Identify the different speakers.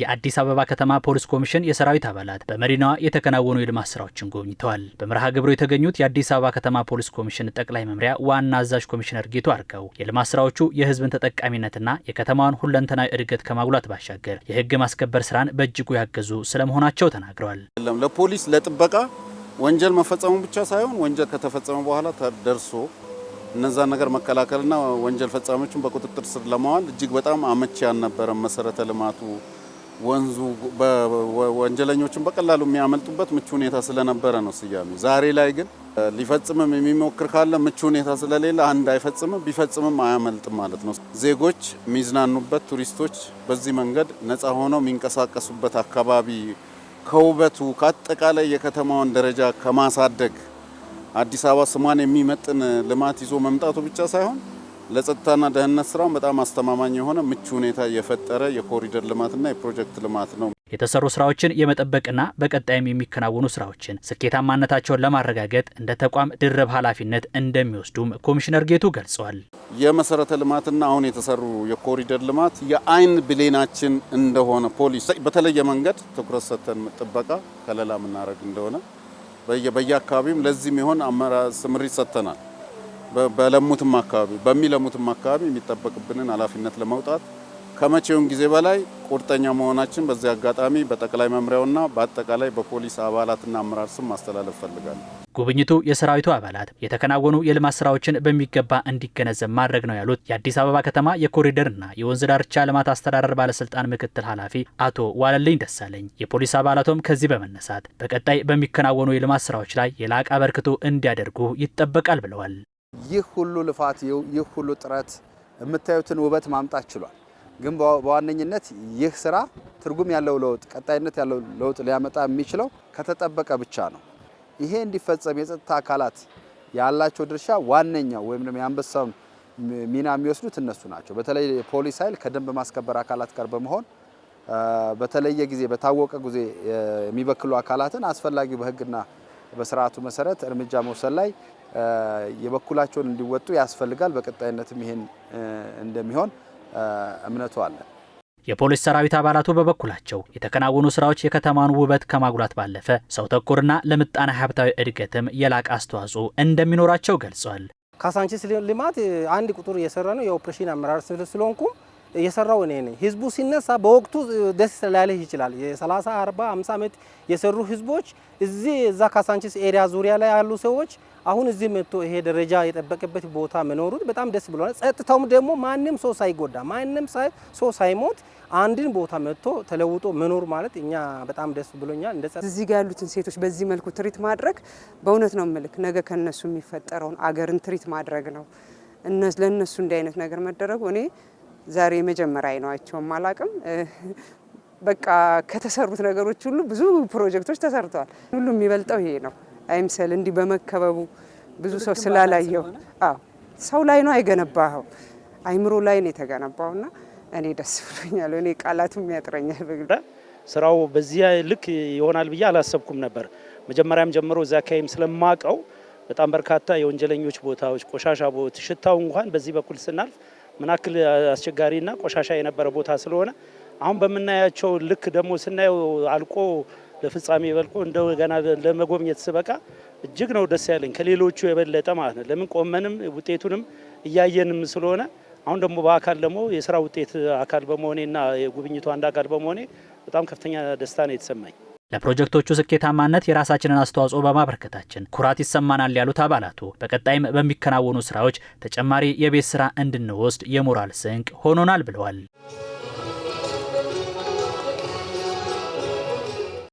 Speaker 1: የአዲስ አበባ ከተማ ፖሊስ ኮሚሽን የሰራዊት አባላት በመዲናዋ የተከናወኑ የልማት ስራዎችን ጎብኝተዋል። በመርሃ ግብሩ የተገኙት የአዲስ አበባ ከተማ ፖሊስ ኮሚሽን ጠቅላይ መምሪያ ዋና አዛዥ ኮሚሽነር ጌቱ አርገው የልማት ስራዎቹ የህዝብን ተጠቃሚነትና የከተማዋን ሁለንተናዊ እድገት ከማጉላት ባሻገር የህግ ማስከበር ስራን በእጅጉ ያገዙ ስለመሆናቸው ተናግረዋል።
Speaker 2: ለፖሊስ ለጥበቃ ወንጀል መፈጸሙ ብቻ ሳይሆን ወንጀል ከተፈጸመ በኋላ ተደርሶ እነዛ ነገር መከላከልና ወንጀል ፈጻሚዎችን በቁጥጥር ስር ለማዋል እጅግ በጣም አመቺ ያልነበረ መሰረተ ልማቱ ወንዙ ወንጀለኞችን በቀላሉ የሚያመልጡበት ምቹ ሁኔታ ስለነበረ ነው ስያሜ ዛሬ ላይ ግን ሊፈጽምም የሚሞክር ካለ ምቹ ሁኔታ ስለሌለ አንድ አይፈጽምም፣ ቢፈጽምም አያመልጥም ማለት ነው። ዜጎች የሚዝናኑበት፣ ቱሪስቶች በዚህ መንገድ ነፃ ሆነው የሚንቀሳቀሱበት አካባቢ ከውበቱ ከአጠቃላይ የከተማውን ደረጃ ከማሳደግ አዲስ አበባ ስሟን የሚመጥን ልማት ይዞ መምጣቱ ብቻ ሳይሆን ለጸጥታና ደህንነት ስራውን በጣም አስተማማኝ የሆነ ምቹ ሁኔታ የፈጠረ የኮሪደር ልማትና የፕሮጀክት ልማት ነው።
Speaker 1: የተሰሩ ስራዎችን የመጠበቅና በቀጣይም የሚከናወኑ ስራዎችን ስኬታማነታቸውን ለማረጋገጥ እንደ ተቋም ድርብ ኃላፊነት እንደሚወስዱም ኮሚሽነር ጌቱ ገልጸዋል።
Speaker 2: የመሰረተ ልማትና አሁን የተሰሩ የኮሪደር ልማት የአይን ብሌናችን እንደሆነ ፖሊስ በተለየ መንገድ ትኩረት ሰጥተን ጥበቃ ከለላ ምናደረግ እንደሆነ በየአካባቢውም ለዚህም የሆን አመራ ስምሪት ሰጥተናል። በለሙትም አካባቢ በሚለሙትም አካባቢ የሚጠበቅብንን ኃላፊነት ለመውጣት ከመቼውን ጊዜ በላይ ቁርጠኛ መሆናችን በዚህ አጋጣሚ በጠቅላይ መምሪያውና በአጠቃላይ በፖሊስ አባላትና አመራር ስም ማስተላለፍ ፈልጋለሁ።
Speaker 1: ጉብኝቱ የሰራዊቱ አባላት የተከናወኑ የልማት ስራዎችን በሚገባ እንዲገነዘብ ማድረግ ነው ያሉት የአዲስ አበባ ከተማ የኮሪደርና የወንዝ ዳርቻ ልማት አስተዳደር ባለስልጣን ምክትል ኃላፊ አቶ ዋለልኝ ደሳለኝ፣ የፖሊስ አባላቶም ከዚህ በመነሳት በቀጣይ በሚከናወኑ የልማት ስራዎች ላይ የላቀ አበርክቶ እንዲያደርጉ ይጠበቃል ብለዋል።
Speaker 2: ይህ ሁሉ ልፋት ይህ ሁሉ ጥረት የምታዩትን ውበት ማምጣት ችሏል። ግን በዋነኝነት ይህ ስራ ትርጉም ያለው ለውጥ፣ ቀጣይነት ያለው ለውጥ ሊያመጣ የሚችለው ከተጠበቀ ብቻ ነው። ይሄ እንዲፈጸም የጸጥታ አካላት ያላቸው ድርሻ ዋነኛው ወይም ደግሞ የአንበሳውን ሚና የሚወስዱት እነሱ ናቸው። በተለይ የፖሊስ ኃይል ከደንብ ማስከበር አካላት ጋር በመሆን በተለየ ጊዜ በታወቀ ጊዜ የሚበክሉ አካላትን አስፈላጊው በህግና በስርዓቱ መሰረት እርምጃ መውሰድ ላይ የበኩላቸውን እንዲወጡ ያስፈልጋል። በቀጣይነትም ይሄን እንደሚሆን እምነቱ አለ።
Speaker 1: የፖሊስ ሰራዊት አባላቱ በበኩላቸው የተከናወኑ ስራዎች የከተማን ውበት ከማጉላት ባለፈ ሰው ተኮርና ለምጣኔ ሀብታዊ እድገትም የላቀ አስተዋጽኦ እንደሚኖራቸው ገልጿል።
Speaker 3: ካሳንቺስ ልማት አንድ ቁጥር እየሰራ ነው። የኦፕሬሽን አመራር ስለሆንኩም የሰራው እኔ ነኝ። ህዝቡ ሲነሳ በወቅቱ ደስ ላይልህ ይችላል። የ30 40 50 ዓመት የሰሩ ህዝቦች እዚህ እዛ ካሳንቺስ ኤሪያ ዙሪያ ላይ ያሉ ሰዎች አሁን እዚህ መጥቶ ይሄ ደረጃ የጠበቀበት ቦታ መኖሩ በጣም ደስ ብሎናል። ጸጥታውም ደግሞ ማንም ሰው ሳይጎዳ ማንም ሰው ሳይሞት አንድን ቦታ መጥቶ ተለውጦ መኖር ማለት እኛ በጣም ደስ ብሎኛል። እንደ
Speaker 4: እዚህ ጋር ያሉትን ሴቶች በዚህ መልኩ ትሪት ማድረግ በእውነት ነው ምልክ ነገ ከነሱ የሚፈጠረውን አገርን ትሪት ማድረግ ነው። ለእነሱ እንዲህ አይነት ነገር መደረጉ እኔ ዛሬ የመጀመሪያ አይኗቸውም አላቅም። በቃ ከተሰሩት ነገሮች ሁሉ ብዙ ፕሮጀክቶች ተሰርተዋል። ሁሉ የሚበልጠው ይሄ ነው አይምሰል እንዲህ በመከበቡ ብዙ ሰው ስላላየው። ሰው ላይ ነው አይገነባኸው፣ አይምሮ ላይ ነው እና እኔ ደስ ብሎኛል። እኔ ቃላቱም ያጥረኛል።
Speaker 5: ስራው በዚህ ልክ ይሆናል ብዬ አላሰብኩም ነበር። መጀመሪያም ጀምሮ እዚያ አካባቢም ስለማቀው በጣም በርካታ የወንጀለኞች ቦታዎች፣ ቆሻሻ ቦት፣ ሽታው እንኳን በዚህ በኩል ስናልፍ ምናክል አስቸጋሪና ቆሻሻ የነበረ ቦታ ስለሆነ አሁን በምናያቸው ልክ ደግሞ ስናየው አልቆ ለፍጻሜ በልቆ እንደገና ለመጎብኘት ስበቃ እጅግ ነው ደስ ያለኝ ከሌሎቹ የበለጠ ማለት ነው። ለምን ቆመንም ውጤቱንም እያየንም ስለሆነ አሁን ደግሞ በአካል ደግሞ የስራ ውጤት አካል በመሆኔና የጉብኝቱ አንድ አካል በመሆኔ በጣም ከፍተኛ ደስታ ነው የተሰማኝ።
Speaker 1: ለፕሮጀክቶቹ ስኬታማነት የራሳችንን አስተዋጽኦ በማበረከታችን ኩራት ይሰማናል ያሉት አባላቱ በቀጣይም በሚከናወኑ ስራዎች ተጨማሪ የቤት ስራ እንድንወስድ የሞራል ስንቅ ሆኖናል ብለዋል።